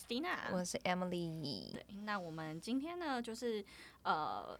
Stina、我是 Emily。對，那我們今天呢，就是呃，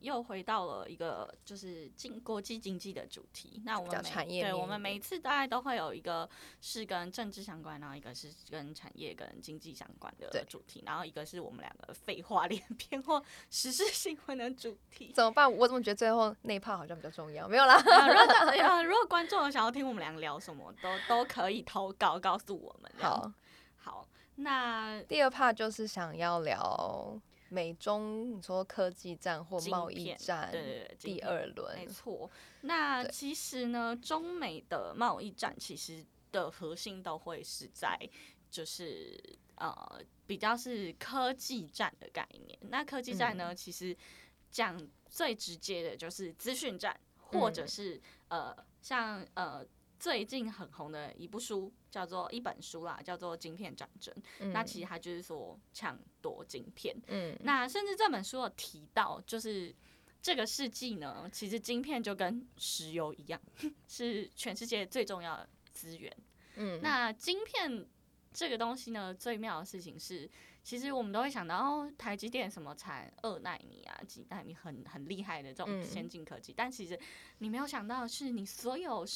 又回到了一個就是國經國際經濟的主題。那我們每對，對，我們每次大概都會有一個是跟政治相關，然後一個是跟產業跟經濟相關的主題，然後一個是我們兩個廢話連篇或時事新聞的主題。怎麼辦？我怎麼覺得最後那一 part 好像比較重要？沒有啦， yeah, yeah, 如果觀眾想要聽我們兩個聊什麼，都都可以投稿告訴我們。 好，好。那第二趴就是想要聊美中，你說科技戰或貿易戰。對對對，第二輪沒錯。那其實呢，中美的貿易戰其實的核心都會是在，就是呃，比較是科技戰的概念。那科技戰呢，嗯、其實講最直接的就是資訊戰、嗯，或者是呃，像呃。最近很紅的一部書，叫做一本書啦，叫做《晶片戰爭》。嗯，那其實它就是說搶奪晶片。嗯，那甚至這本書有提到，就是這個世紀呢，其實晶片就跟石油一樣，是全世界最重要的資源。嗯，那晶片這個東西呢，最妙的事情是。.其實我們都會想到哦，台積電什麼產二奈米啊、幾奈米很很厲害的這種先進科技，嗯。但其實你沒有想到的是，你所有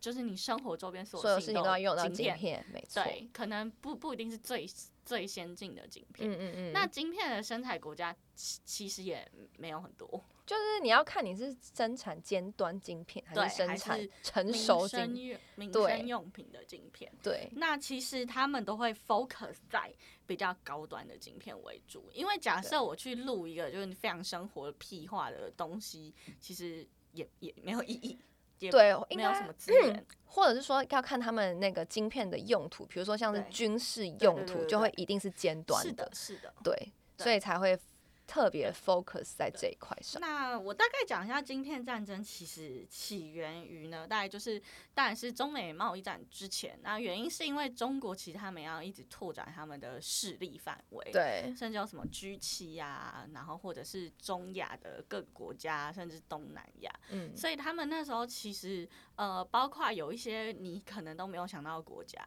就是你生活周邊所，所有事情都要用到晶片，沒錯。對，可能不不一定是最最先進的晶片。嗯嗯嗯。那晶片的生產國家其，其實也沒有很多，就是你要看你是生產尖端晶片還是生產成熟晶片，民生用品的晶片對。對。那其實他們都會 focus 在。比較高端的晶片為主，因為假設我去錄一個就是非常生活的屁話的東西，其實也也沒有意義，對，沒有什麼資源，嗯，或者是說要看他們那個晶片的用途，比如說像是軍事用途，就會一定是尖端的，對對對對是的，是的，是的，對，所以才會。特別 focus 在這一塊上。那我大概講一下，晶片戰爭其實起源於呢，大概就是當然是中美貿易戰之前。那原因是因為中國其實他們要一直拓展他們的勢力範圍，對，甚至有什麼 G7 呀，然後或者是中亞的各個國家，甚至東南亞。嗯，所以他們那時候其實呃，包括有一些你可能都沒有想到的國家，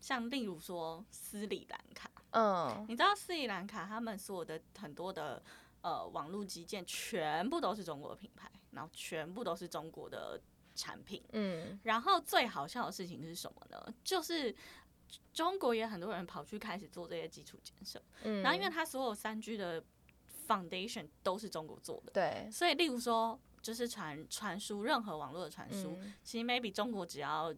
像例如說斯里蘭卡。嗯、oh.，你知道斯里蘭卡他們所有的很多的呃網絡基建全部都是中國的品牌，然後全部都是中國的產品。嗯，然後最好笑的事情是什麼呢？就是中國也很多人跑去開始做這些基礎建設。嗯，然後因為它所有三 G 的 foundation 都是中國做的，對，所以例如說就是傳傳輸任何網絡的傳輸，嗯，其實 maybe 中國只要。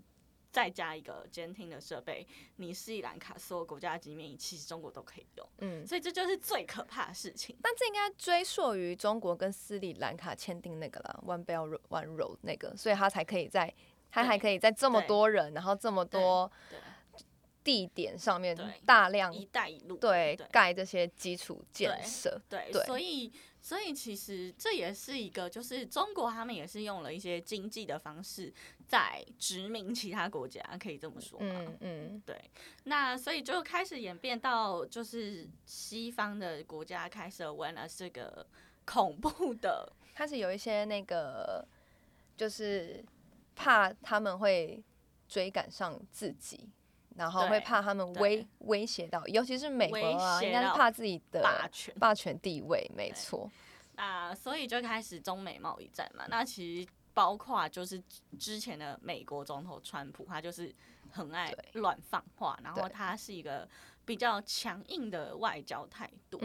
再加一個監聽的設備，你斯里蘭卡所有國家級免疫，其實中國都可以用。嗯，所以這就是最可怕的事情。但這應該追溯於中國跟斯里蘭卡簽訂那個了，One Belt One Road 那個，所以他才可以在，他還可以在這麼多人，然後這麼多地點上面大量一帶一路對蓋這些基礎建設。對，所以所以其實這也是一個，就是中國他們也是用了一些經濟的方式。在殖民其他國家，可以這麼說嗎？嗯嗯，對。那所以就開始演變到，就是西方的國家開始玩了這個恐怖的，開始有一些那個，就是怕他們會追趕上自己，然後會怕他們威威脅到，尤其是美國啊，應該是怕自己的霸權霸權地位，沒錯。啊、呃，所以就開始中美貿易戰嘛。嗯、那其實。包括就是之前的美國總統川普，他就是很愛亂放話，然後他是一個比較強硬的外交態度，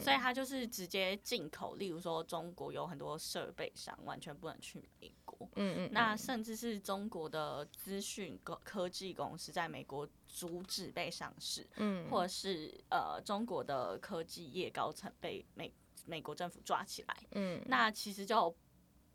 所以他就是直接進口，例如說中國有很多設備商完全不能去美國，那甚至是中國的資訊科技公司在美國阻止被上市，或者是呃中國的科技業高層被美美國政府抓起來，嗯，那其實就。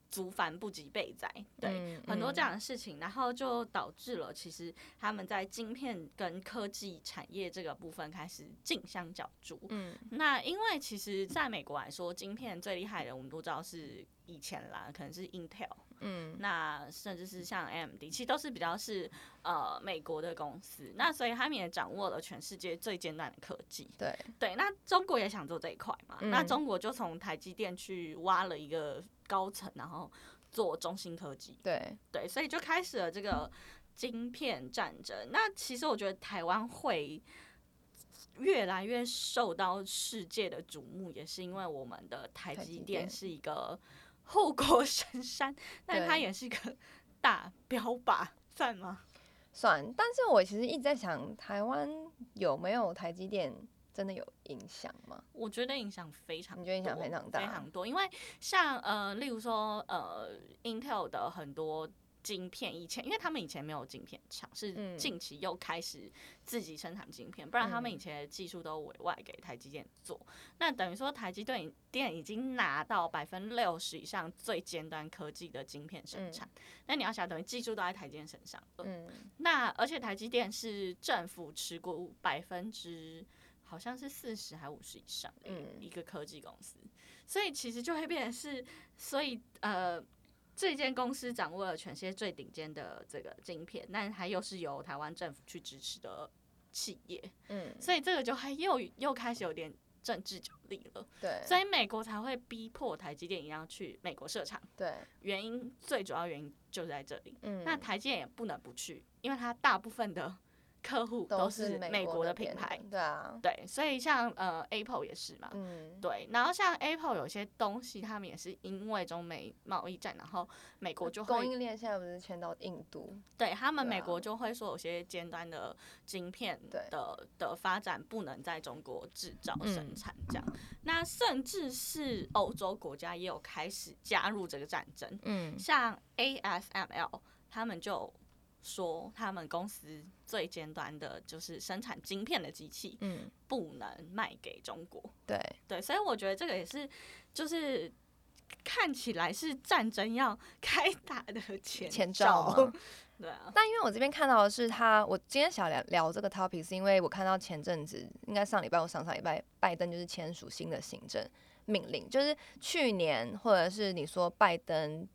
族繁不及備載，對、嗯、很多這樣的事情，然後就導致了，其實他們在晶片跟科技產業這個部分開始競相角逐。嗯，那因為其實在美國來說，晶片最厲害的，我們都知道是以前啦，可能是 Intel。嗯，那甚至是像 AMD，其實都是比較是呃美國的公司，那所以他們也掌握了全世界最尖端的科技。對對，那中國也想做這一塊嘛、嗯，那中國就從台積電去挖了一個高層，然後做中芯科技。對對，所以就開始了這個晶片戰爭。嗯、那其實我覺得台灣會越來越受到世界的矚目，也是因為我們的台積電是一個。護國神山，但它也是一個大標靶，算嗎？算。但是我其實一直在想，台灣有沒有台積電真的有影響嗎？我覺得影響非常。你覺得影響非常大，非常多。因為像呃，例如說呃，Intel 的很多。晶片以前，因為他們以前沒有晶片廠，是近期又開始自己生產晶片、嗯，不然他們以前的技術都委外給台積電做。嗯、那等於說台積電已經拿到百分之六十以上最尖端科技的晶片生產。嗯、那你要想，等於技術都在台積電身上。嗯。那而且台積電是政府持股百分之好像是四十還五十以上的，一個科技公司，嗯。所以其實就會變成是，所以呃。這間公司掌握了全世界最頂尖的這個晶片，但還又是由台灣政府去支持的企業，嗯，所以這個就還又又開始有點政治角力了，對，所以美國才會逼迫台積電一樣去美國設廠，對，原因最主要原因就是在這裡，嗯，那台積電也不能不去，因為它大部分的。客戶都是美國的品牌的。對啊，對，所以像呃，Apple 也是嘛，嗯，對，然後像 Apple 有些東西，他們也是因為中美貿易戰，然後美國就會供應鏈現在不是遷到印度，對他們美國就會說有些尖端的晶片的、啊、的發展不能在中國製造生產這樣，嗯、那甚至是歐洲國家也有開始加入這個戰爭，嗯，像 ASML 他們就。說他們公司最尖端的就是生產晶片的機器，嗯，不能賣給中國。嗯、對對，所以我覺得這個也是，就是看起來是戰爭要開打的前兆前兆。對啊，但因為我這邊看到的是他，我今天想聊聊這個 topic，是因為我看到前陣子，應該上禮拜我上上禮拜，拜登就是簽署新的行政命令，就是去年或者是你說拜登。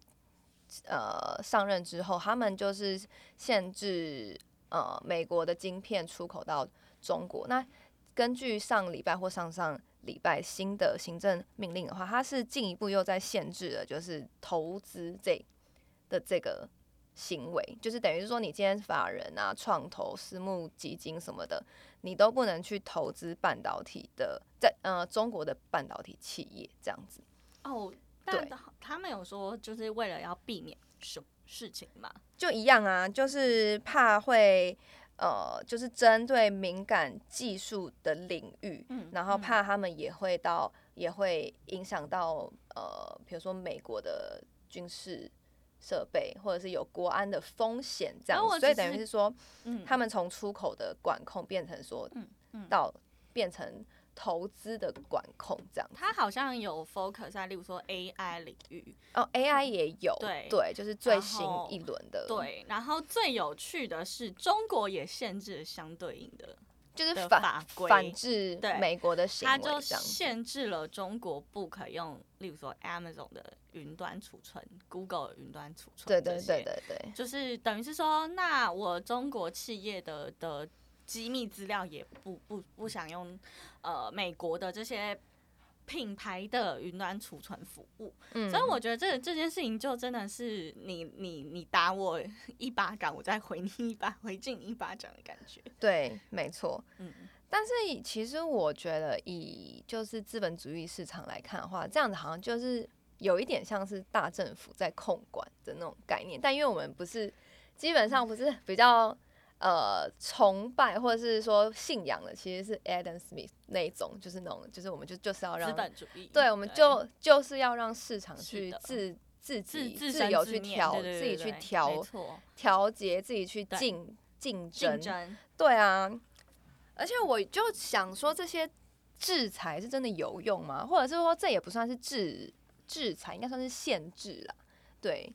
呃，上任之後，他們就是限制呃美國的晶片出口到中國。那根據上禮拜或上上禮拜新的行政命令的話，它是進一步又在限制了，就是投資這的這個行為，就是等於是說，你今天法人啊、創投、私募基金什麼的，你都不能去投資半導體的在，在呃中國的半導體企業這樣子。哦。對，他們有說就是為了要避免什麼事情嘛？就一樣啊，就是怕會呃，就是針對敏感技術的領域，嗯，然後怕他們也會到，嗯，也會影響到呃，比如說美國的軍事設備，或者是有國安的風險這樣，所以等於是說，嗯，他們從出口的管控變成說，嗯嗯，到變成。投資的管控，這樣它好像有 focus 在，例如說 AI 領域哦，AI 也有，對對，就是最新一輪的。對，然後最有趣的是，中國也限制了相對應的，就是法規，反制美國的行為，它就限制了中國不可用，例如說 Amazon 的雲端儲存、Google 雲端儲存，對，對對對對對，就是等於是說，那我中國企業的的。機密資料也不不不想用，呃，美國的這些品牌的雲端儲存服務。嗯，所以我覺得這這件事情就真的是你你你打我一巴掌，我再回你一巴，回敬你一巴掌的感覺。對，沒錯。嗯。但是其實我覺得以就是資本主義市場來看的話，這樣子好像就是有一點像是大政府在控管的那種概念，但因為我們不是基本上不是比較。呃，崇拜或者是說信仰的，其實是 Adam Smith 那一種，就是那種，就是我們就就是要讓資本主義，對，我們就就是要讓市場去自自己自，自，自，自由去調，自己去調調節，自己去競競爭，對啊。而且我就想說，這些制裁是真的有用嗎？或者是說，這也不算是制制裁，應該算是限制了，對。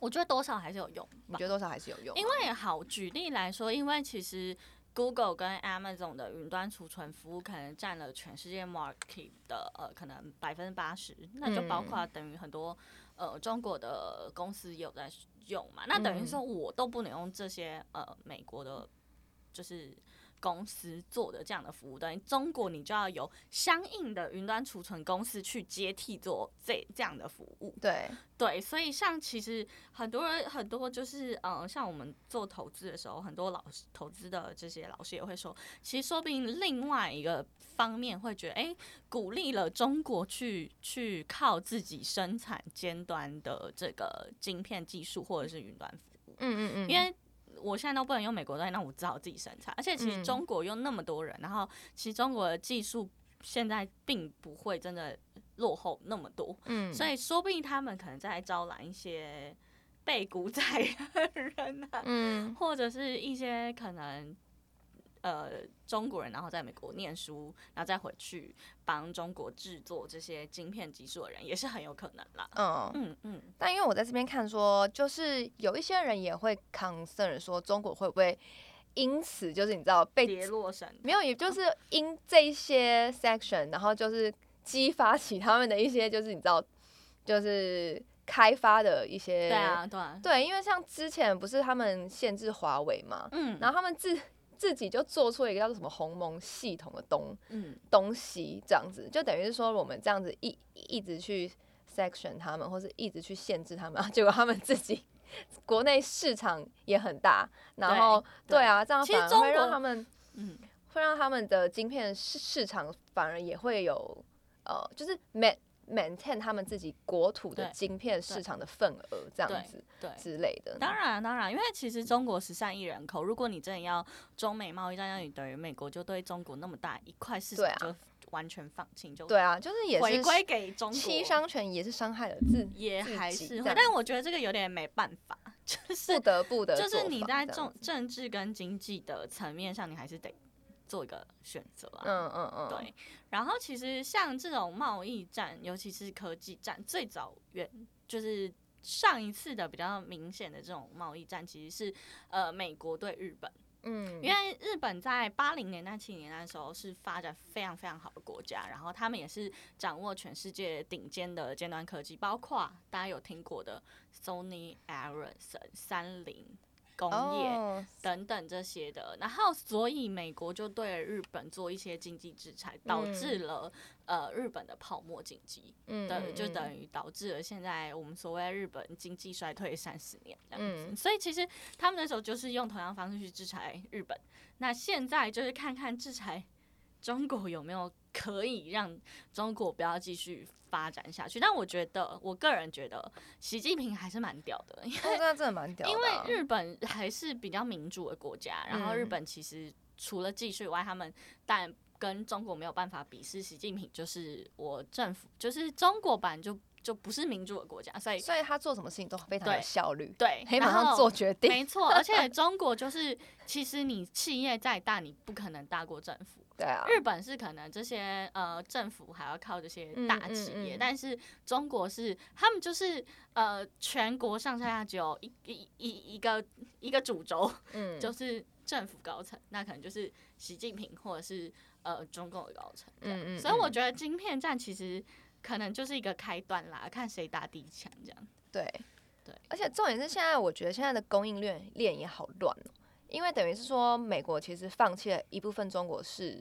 我覺得多少還是有用吧。你覺得多少還是有用？因為好舉例來說，因為其實 Google 跟 Amazon 的雲端儲存服務可能占了全世界 market 的呃可能百分之八十，那就包括等於很多呃中國的公司有在用嘛。那等於說我都不能用這些呃美國的，就是。公司做的這樣的服務，等於中國你就要有相應的雲端儲存公司去接替做這這樣的服務。對對，所以像其實很多人很多就是嗯、呃，像我們做投資的時候，很多老師投資的這些老師也會說，其實說不定另外一個方面會覺得，哎、欸，鼓勵了中國去去靠自己生產尖端的這個晶片技術或者是雲端服務。嗯嗯嗯，因為。我現在都不能用美國東西，那我只好自己生產。而且其實中國有那麼多人，嗯、然後其實中國的技術現在並不會真的落後那麼多。嗯，所以說不定他們可能在招攬一些被股仔的人啊、嗯，或者是一些可能。呃，中國人然後在美國念書，然後再回去幫中國製作這些晶片技術的人也是很有可能啦。嗯嗯嗯。但因為我在這邊看說，就是有一些人也會 concern 說，中國會不會因此就是你知道被跌落神？沒有，也就是因這些 section，哦，然後就是激發起他們的一些就是你知道就是開發的一些對啊對啊對，因為像之前不是他們限制華為嘛，嗯，然後他們自自己就做出了一個叫做什麼鴻蒙系統的東東西，這樣子就等於是說我們這樣子一一直去 section 他們，或是一直去限制他們，結果他們自己國內市場也很大，然後對啊，這樣反而會讓他們，會讓他們的晶片市市場反而也會有呃，就是買。Maintain 他們自己國土的晶片市場的份額，這樣子對對對對之類的。當然，當然、啊，因為其實中國十三億人口，如果你真的要中美貿易戰，這樣等於等於美國就對中國那麼大一塊市場就完全放棄，就對啊，就是也回歸給中國七傷拳也是傷害了自己，也還是會。會。但我覺得這個有點沒辦法，就是不得不的，就是你在政政治跟經濟的層面上，你還是得。做一個選擇啊，嗯嗯嗯，對。然後其實像這種貿易戰，尤其是科技戰，最早遠就是上一次的比較明顯的這種貿易戰，其實是呃美國對日本，嗯，因為日本在八零年代、七零年代的時候是發展非常非常好的國家，然後他們也是掌握全世界頂尖的尖端科技，包括大家有聽過的 Sony、Ericsson、三菱。工業等等這些的，oh. 然後所以美國就對日本做一些經濟制裁，mm. 導致了呃日本的泡沫經濟，等、mm. 就等於導致了現在我們所謂日本經濟衰退三十年這樣子。Mm. 所以其實他們那時候就是用同樣方式去制裁日本，那現在就是看看制裁中國有沒有。可以讓中國不要繼續發展下去，但我覺得，我個人覺得，習近平還是蠻屌的，因為真的蠻屌的、啊。因為日本還是比較民主的國家，然後日本其實除了技術以外，他們、嗯、但跟中國沒有辦法比。是習近平就是我政府，就是中國版就就不是民主的國家，所以所以他做什麼事情都非常有效率，對，對可以馬上做決定，沒錯。而且中國就是， 其實你企業再大，你不可能大過政府。對啊，日本是可能這些呃政府還要靠這些大企業，嗯嗯嗯、但是中國是他們就是呃全國上下，下只有一一一一,一,一個一個主軸、嗯，就是政府高層，那可能就是習近平或者是呃中共的高層，這樣、嗯嗯。所以我覺得晶片戰其實可能就是一個開端啦，看誰打第一槍這樣。對對，而且重點是現在我覺得現在的供應鏈鏈也好亂哦。因為等於是說，美國其實放棄了一部分中國是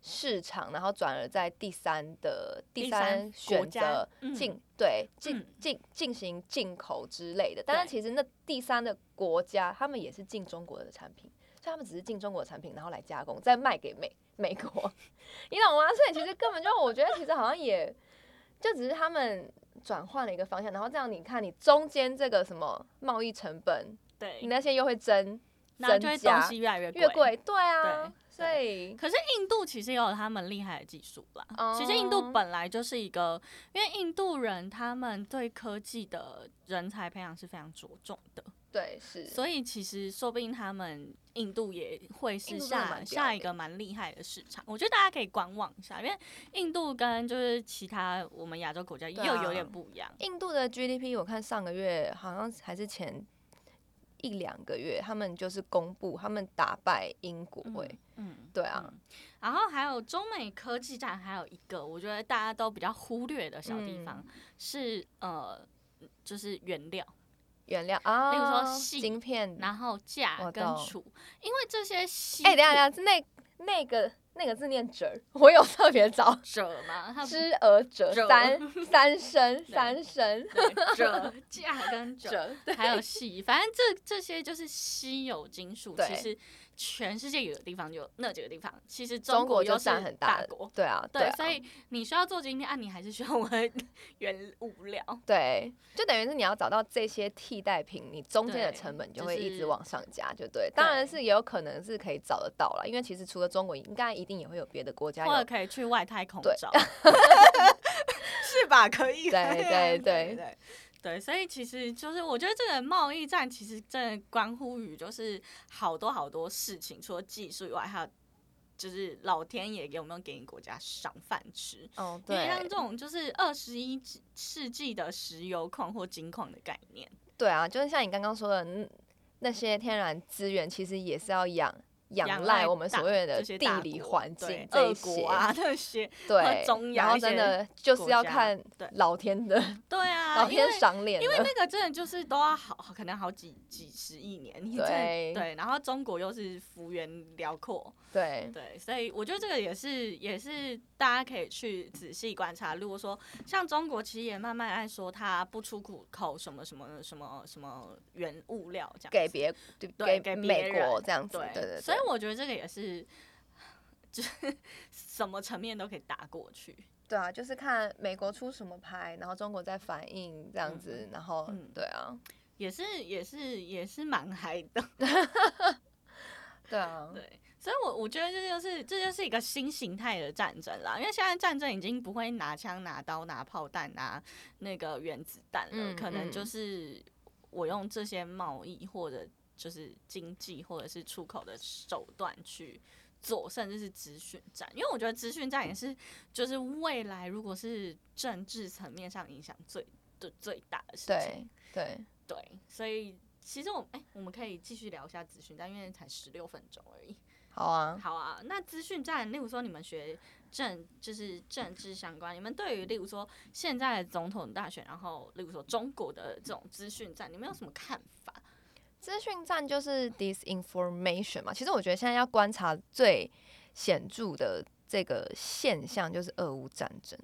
市、市場，然後轉而在第三的第三選擇進 A3,、嗯、對進、嗯、進進行進口之類的。但是其實那第三的國家，他們也是進中國的產品，所以他們只是進中國的產品，然後來加工，再賣給美美國。 你懂嗎？所以其實根本就我覺得其實好像也就只是他們轉換了一個方向，然後這樣你看你中間這個什麼貿易成本，對你那些又會增。那就會東西越來越貴，越貴對啊，對所以對，可是印度其實也有他們厲害的技術吧、哦？其實印度本來就是一個，因為印度人他們對科技的人才培養是非常着重的。對，是，所以其實說不定他們印度也會是下下一個蠻厲害的市場。我覺得大家可以觀望一下，因為印度跟就是其他我們亞洲國家又有點不一樣、啊。印度的 GDP 我看上個月好像還是前。一兩個月，他們就是公布，他們打敗英國、欸嗯。嗯，對啊、嗯。然後還有中美科技戰，還有一個我覺得大家都比較忽略的小地方、嗯、是呃，就是原料，原料啊、哦，比如說晶片，然後鎵跟鍺，因為這些哎、欸，等下等下，那那個。那個字念“鍺”，我有特別找。鍺嗎？它 “zh” 而“鍺”，三三聲，三聲。鍺、 鎵跟鍺，還有錫，反正這這些就是稀有金屬。其實。全世界有的地方就那幾個地方，其實中國，國，中國就算很大國，對啊，對，對啊，所以你需要做今天啊，你還是需要我原物料，對，就等於是你要找到這些替代品，你中間的成本就會一直往上加就，就對、是。當然是也有可能是可以找得到了，因為其實除了中國，應該一定也會有別的國家，或者可以去外太空找， 是吧？可以，對對對。對對對對，所以其實就是我覺得這個貿易戰其實真的關乎於就是好多好多事情，除了技術以外，還有就是老天爺有沒有給你國家賞飯吃。哦、oh，對，像這種就是二十一世紀的石油礦或金礦的概念。對啊，就是像你剛剛說的那些天然資源，其實也是要養。仰賴我們所謂的地理環境，這些，國這些俄國啊，這些，對，然後真的就是要看老天的，對啊，老天賞臉，因為那個真的就是都要好，可能好幾幾十億年，你對對，然後中國又是幅員遼闊。對對，所以我覺得這個也是也是大家可以去仔細觀察。如果說像中國，其實也慢慢愛說它不出出口什麼，什麼什麼什麼什麼原物料這樣，給別給別人對給別人美國這樣子，對對，對對。所以我覺得這個也是，就是什麼層面都可以打過去。對啊，就是看美國出什麼牌，然後中國再反應這樣子，嗯、然後、嗯、對啊，也是也是也是蠻嗨的。 對啊，對，所以我我覺得這就是這就是一個新形態的戰爭啦，因為現在戰爭已經不會拿槍、拿刀、拿炮彈、拿那個原子彈了，嗯，可能就是我用這些貿易或者就是經濟或者是出口的手段去做，甚至是資訊戰，因為我覺得資訊戰也是就是未來如果是政治層面上影響最最最大的事情，對對對，所以。其實我哎、欸，我們可以繼續聊一下資訊，但因為才十六分鐘而已。好啊，好啊。那資訊戰，例如說你們學政就是政治相關，你們對於例如說現在的總統大選，然後例如說中國的這種資訊戰，你們有什麼看法？資訊戰就是 disinformation 嘛。其實我覺得現在要觀察最顯著的這個現象，就是俄烏戰爭。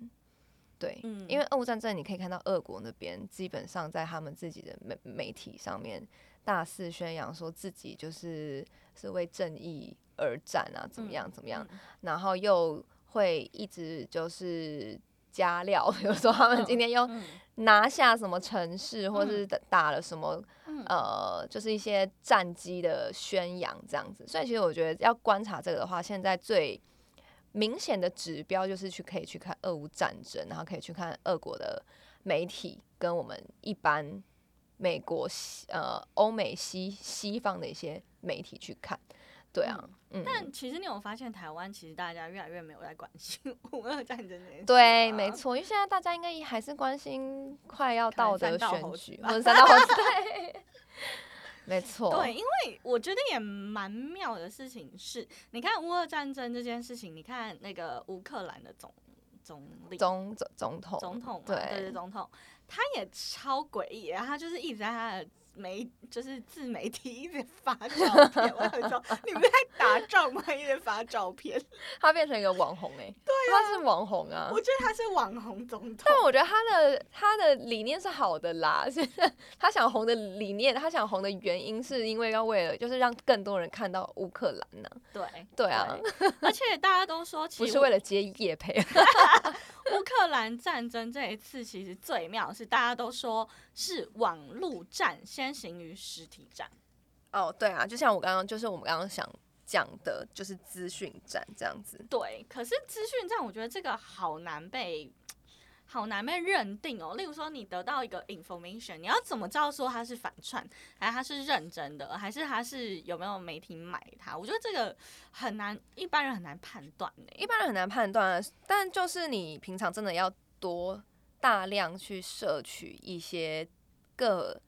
對，因為俄烏戰爭，你可以看到俄國那邊、嗯、基本上在他們自己的媒媒體上面大肆宣揚，說自己就是是為正義而戰啊，怎麼樣怎麼樣，然後又會一直就是加料，比如說他們今天又拿下什麼城市，或是打了什麼、嗯嗯，呃，就是一些戰機的宣揚這樣子。所以其實我覺得要觀察這個的話，現在最。明顯的指標就是去可以去看俄烏戰爭，然後可以去看俄國的媒體，跟我們一般美國西呃歐美西西方的一些媒體去看，對啊，嗯嗯、但其實你有，有發現台灣其實大家越來越沒有在關心俄烏戰爭、啊、對，沒錯，因為現在大家應該還是關心快要到的選舉，或者三到猴，猴子。 沒錯，對，因為我覺得也蠻妙的事情是，你看烏俄戰爭這件事情，你看那個烏克蘭的總總理、總總統、總統，對對對，總統，他也超詭異，然後他就是一直在他的。媒就是自媒體，一直發照片。我講說，你們在打仗嗎？一直發照片。他變成一個網紅哎、欸，對、啊，他是網紅啊。我覺得他是網紅總統。但我覺得他的他的理念是好的啦，就是他想紅的理念，他想紅的原因是因為要為了就是讓更多人看到烏克蘭呢、啊。對。對啊對。而且大家都說，其實不是為了接業配烏 克蘭戰爭這一次，其實最妙的是大家都說。是網路戰先行於實體戰，哦，oh，對啊，就像我剛剛，就是我們剛剛想講的，就是資訊戰這樣子。對，可是資訊戰，我覺得這個好難被，好難被認定哦。例如說，你得到一個 information，你要怎麼知道說它是反串，還是它是認真的，還是它是有沒有媒體買它？我覺得這個很難，一般人很難判斷的，欸。一般人很難判斷啊，但就是你平常真的要多。大量去攝取一些各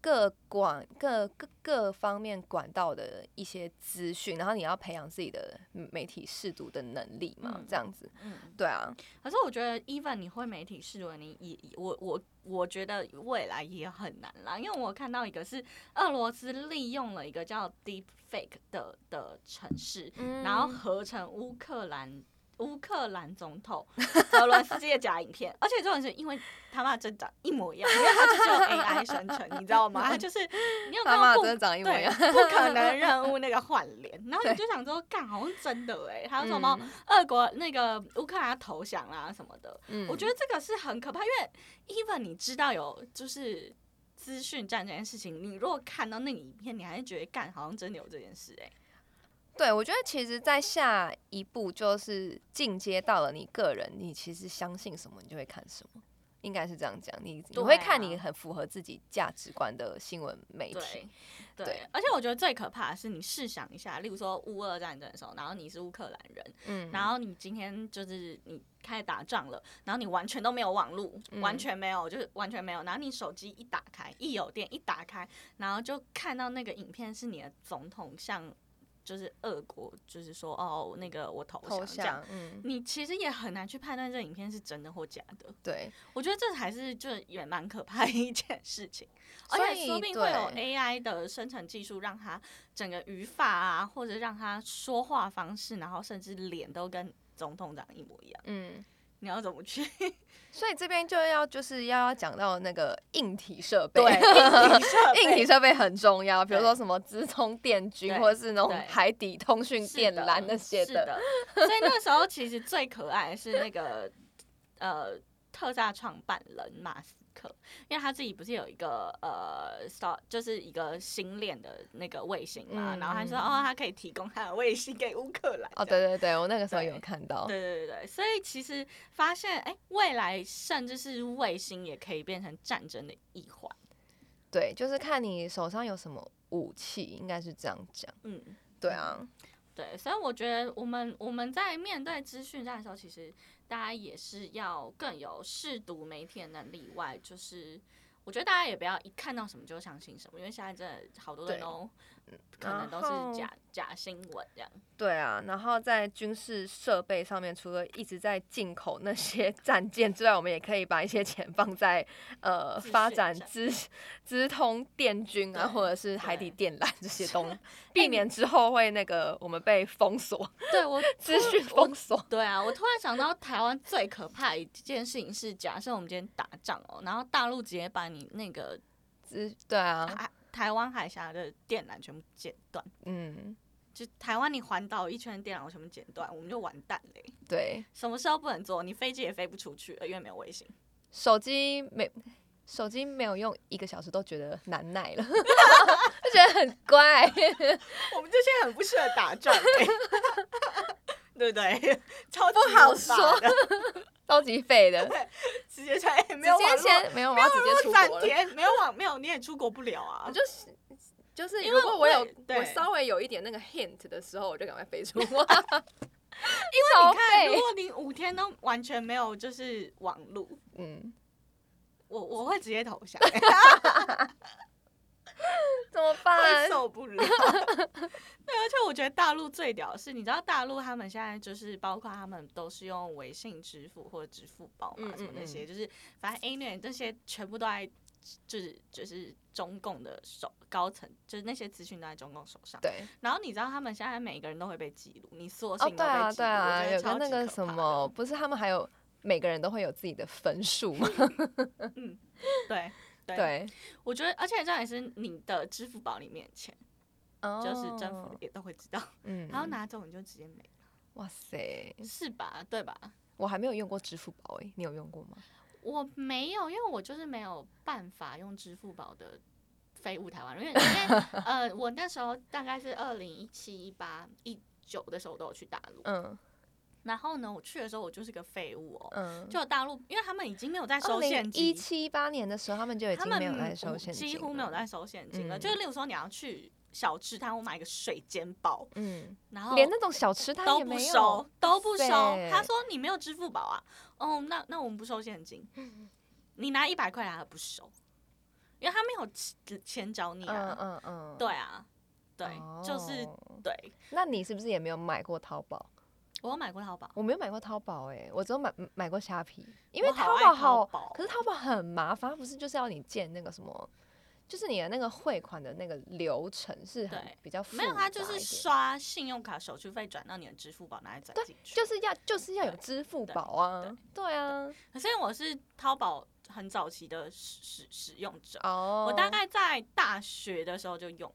各管各各各方面管道的一些資訊，然後你要培養自己的媒體識讀的能力嘛、嗯？這樣子，嗯，對啊。可是我覺得 even 你會媒體識讀，你也我我我覺得未來也很難啦，因為我看到一個是俄羅斯利用了一個叫 Deep Fake 的的城市，嗯，然後合成烏克蘭。烏克蘭總統澤連斯基的假影片， 而且重點是因為他媽真長一模一樣，因為他就是用 AI 生成， 你知道嗎？他就是你有沒有不 對，不可能任務那個換臉，然後你就想說幹 好像真的哎、欸，還有什麼、嗯、俄國那個烏克蘭投降啊什麼的、嗯，我覺得這個是很可怕，因為 even 你知道有就是資訊戰這件事情，你如果看到那影片，你還是覺得幹好像真的有這件事哎、欸。對，我覺得其實，在下一步就是進階到了你個人，你其實相信什麼，你就會看什麼，應該是這樣講。你你會看你很符合自己價值觀的新聞媒體，對，對。對，而且我覺得最可怕的是，你試想一下，例如說烏俄戰爭的時候，然後你是烏克蘭人，嗯，然後你今天就是你開始打仗了，然後你完全都沒有網路，嗯，完全沒有，就是完全沒有，然後你手機一打開，一有電一打開，然後就看到那個影片是你的總統像。就是俄國，就是說哦，那個我投降這樣。嗯，你其實也很難去判斷這影片是真的或假的。對，我覺得這還是就也蠻可怕的一件事情。而且說不定會有 AI 的生成技術，讓它整個語法啊，或者讓它說話方式，然後甚至臉都跟總統長一模一樣。嗯。你要怎麼去？所以這邊就要就是要要講到那個硬體設備 對，硬體設備， 備很重要。比如說什麼資通電軍，或者是那種海底通訊電纜那些的、的、的。所以那時候其實最可愛是那個 呃特價創辦人馬斯。因為他自己不是有一個呃，star, 就是一個星鏈的那個衛星嘛，嗯，然後他說哦，他可以提供他的衛星給烏克蘭。哦，對對對，我那個時候有看到。對對對，對所以其實發現哎，未來甚至是衛星也可以變成戰爭的一環。對，就是看你手上有什麼武器，應該是這樣講。嗯，對啊，對，所以我覺得我們我們在面對資訊戰的時候，其實。大家也是要更有識讀媒體的能力外，外就是。我覺得大家也不要一看到什麼就相信什麼，因為現在真的好多人都可能都是假假新聞這樣。對啊，然後在軍事設備上面，除了一直在進口那些戰艦之外，我們也可以把一些錢放在呃自發展資資通電軍啊，或者是海底電纜這些東西，避免之後會那個我們被封鎖。 對我資訊封鎖。對啊，我突然想到台灣最可怕的一件事情是，假設我們今天打仗哦、喔，然後大陸直接把你。那個，對啊，啊台灣海峽的電纜全部剪斷，嗯，就台灣你環島一圈的電纜全部剪斷，我們就完蛋了，欸。對，什麼事都不能做。你飛機也飛不出去了，因為沒有衛星，手機沒手機沒有用，一個小時都覺得難耐了，就 覺得很怪。 我們就現在很不適合打仗，欸， 對不對？超不好說，超級廢的。 直接才、欸、沒有沒有，沒有我直接出國沒有網，沒有你也出國不了啊！我就，就是就是，如果我有對我稍微有一點那個 hint 的時候，我就趕快飛出國。因 為 你看，如果你五天都完全沒有就是網路，嗯，我我會直接投降、欸。 怎麼辦？受不了 對，而且我覺得大陸最屌的是，你知道大陸他們現在就是，包括他們都是用微信支付或者支付寶嘛、嗯，什麼那些，嗯、就是反正 anyway 這些全部都在，就是就是中共的手高層，就是那些資訊都在中共手上。對。然後你知道他們現在每個人都會被記錄，你索性都被記錄、哦。對啊對啊，有跟那個什麼，不是他們還有每個人都會有自己的分數嗎 嗯？對。對，對，我覺得，而且這樣也是你的支付寶裡面錢，oh, 就是政府也都會知道，嗯，然後拿走你就直接沒了，哇塞，是吧？對吧？我還沒有用過支付寶，哎，你有用過嗎？我沒有，因為我就是沒有辦法用支付寶的飛舞台灣，因為因為 呃，我那時候大概是二零一七、一八、一九的時候都有去大陸，嗯然後呢，我去的時候，我就是個廢物哦，喔嗯。就大陸，因為他們已經沒有在收現金。一七一八年的時候，他們就已經沒有在收現金了，幾乎沒有在收現金了。嗯、就是例如說，你要去小吃攤，我買個水煎包，嗯，然後連那種小吃他都不收，都不收。他說：“你沒有支付寶啊？”哦，那那我們不收現金。嗯、你拿一百塊，他不收，因為他沒有錢找你啊。嗯嗯嗯、對啊，對，哦，就是對。那你是不是也沒有買過淘寶？我有買過淘寶，我沒有買過淘寶哎、欸，我只有買買過蝦皮，因為淘寶好，好，可是淘寶很麻煩，不是就是要你建那個什麼，就是你的那個匯款的那個流程是很比較複雜。沒有，它就是刷信用卡手續費轉到你的支付寶那裡轉進去，就是要就是要有支付寶啊，對啊。可是因為我是淘寶很早期的使使用者哦，Oh. 我大概在大學的時候就用。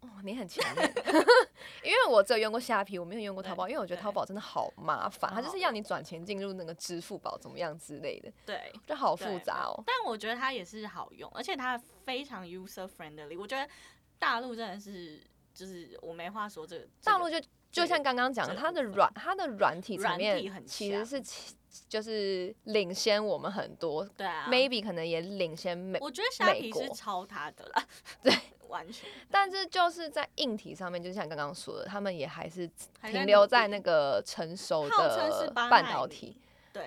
哦，你很強耶， 因為我只有用過蝦皮，我沒有用過淘寶，因為我覺得淘寶真的好麻煩，它就是要你轉錢進入那個支付寶，怎麼樣之類的，對，就好複雜哦。但我覺得它也是好用，而且它非常 user friendly。我覺得大陸真的是，就是我沒話說，這個，這個大陸就就像剛剛講的，它的軟它的軟體裡面其實是就是領先我們很多，對啊，maybe 可能也領先美，我覺得蝦皮是抄它的了，對。完全，但是就是在硬體上面，就像剛剛說的，他們也還是停留在那個成熟的，半導體。是8奈米，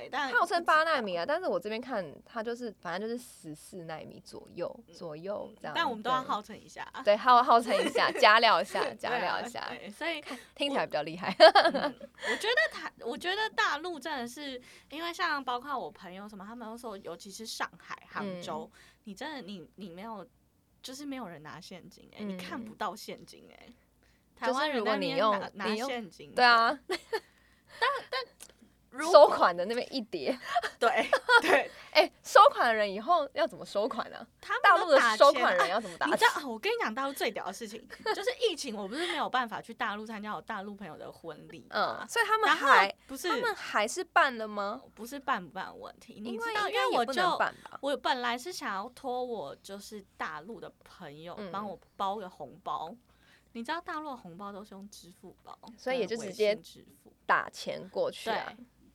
對，但號稱八納米啊，但是我這邊看它就是反正就是十四納米左右、嗯、左右這樣，但我們都要號稱一下，對，號號稱一下，加料一下， 啊、加料一下，對啊、對，所以聽起來比較厲害我、 嗯。我覺得他，我覺得大陸真的是，因為像包括我朋友什麼，他們都說，尤其是上海、杭州，嗯、你真的，你你沒有。就是沒有人拿現金哎、欸嗯，你看不到現金哎、欸，台灣人如果你用拿現金，對，對啊，但 但。但收款的那邊一疊，對對，哎、 欸，收款的人以後要怎麼收款呢、啊？大陸的收款的人要怎麼打錢、啊？你知道，我跟你講大陸最屌的事情， 就是疫情，我不是沒有辦法去大陸參加我大陸朋友的婚禮，嗯，所以他們還不是他們還是辦了嗎？不是辦不辦問題，因為應該也不能辦吧？你知道因為我就我本來是想要托我就是大陸的朋友幫我包個紅包，嗯、你知道大陸紅包都是用支付寶，所以也就直接支付打錢過去、啊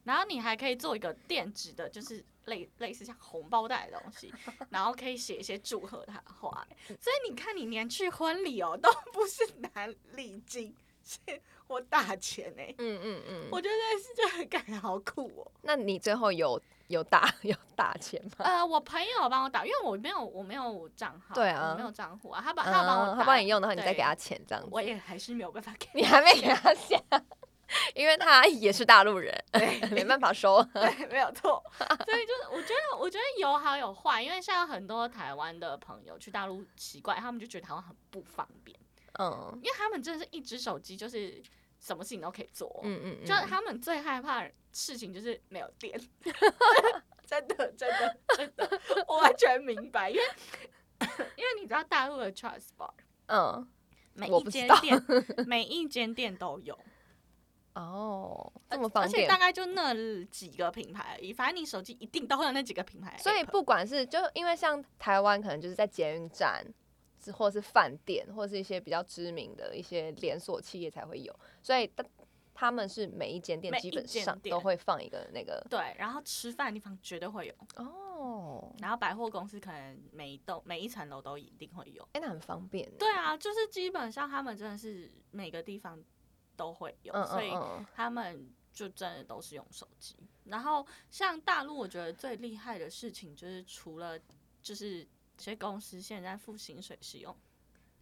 然後你還可以做一個電子的，就是類類似像紅包袋的東西，然後可以寫一些祝賀他的話。 所以你看，你連去婚禮哦，都不是拿禮金，是我打錢呢、欸。嗯嗯嗯，我覺得是這這感覺好酷哦。那你最後有有打有打錢嗎？呃，我朋友幫我打，因為我沒有我沒有賬號，對啊，我沒有賬戶啊。他幫他幫我，他幫你用的話，你再給他錢這樣子。我也還是沒有辦法給，你還沒給他錢。 因為他也是大陸人對，沒辦法說，對，沒有錯。所以就是，我覺得，我覺得有好有壞。因為像很多台灣的朋友去大陸，奇怪，他們就覺得台灣很不方便。嗯，因為他們真的是一隻手機，就是什麼事情都可以做。嗯嗯，嗯，就是他們最害怕的事情就是沒有電。 真的，真的，真的， 我完全明白。因為，因為你知道大陸的 charge bar，嗯，每一間店，每一間店都有。哦、oh，這麼方便，而且大概就那幾個品牌而已。反正你手機一定都會有那幾個品牌。所以不管是就因為像台灣，可能就是在捷運站，或者是飯店，或是一些比較知名的一些連鎖企業才會有。所以他們，是每一間店基本上都會放一個那個。那個，對，然後吃飯的地方絕對會有哦。Oh. 然後百貨公司可能每一棟每一層樓都一定會有。哎、欸，那很方便欸。對啊，就是基本上他們真的是每個地方都會有，所以他們就真的都是用手機。然後像大陸，我覺得最厲害的事情就是，除了就是這些公司現在付薪水使用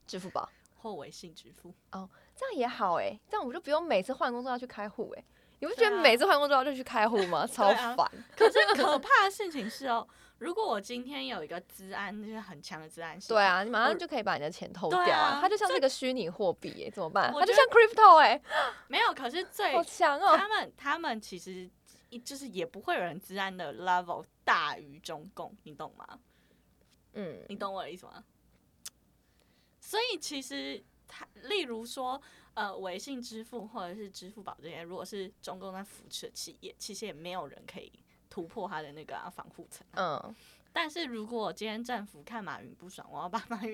支付寶或微信支付。哦，這樣也好誒。這樣我們就不用每次換工作要去開戶誒。你不覺得每次換工作就去開戶嗎？啊、超煩。可是可怕的事情是哦， 如果我今天有一個資安就是很強的資安系統，對啊，你馬上就可以把你的錢偷掉啊。啊它就像是個虛擬貨幣，哎，怎麼辦？它就像 crypto 哎、欸，沒有。可是最強哦、喔，他們他們其實就是也不會有人資安的 level 大於中共，你懂嗎？嗯，你懂我的意思嗎？所以其實他，例如說。呃，微信支付或者是支付寶這些，如果是中共在扶持的企業，其實也沒有人可以突破它的那個、啊、防護層、啊。嗯，但是如果今天政府看馬雲不爽，我要把馬雲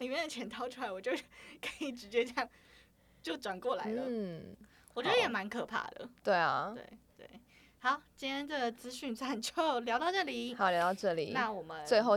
裡面的錢掏出來，我就可以直接這樣就轉過來了。嗯，我覺得也蠻可怕的。對啊，對對，好，今天這個資訊站就聊到這裡，好，聊到這裡，那我們最後。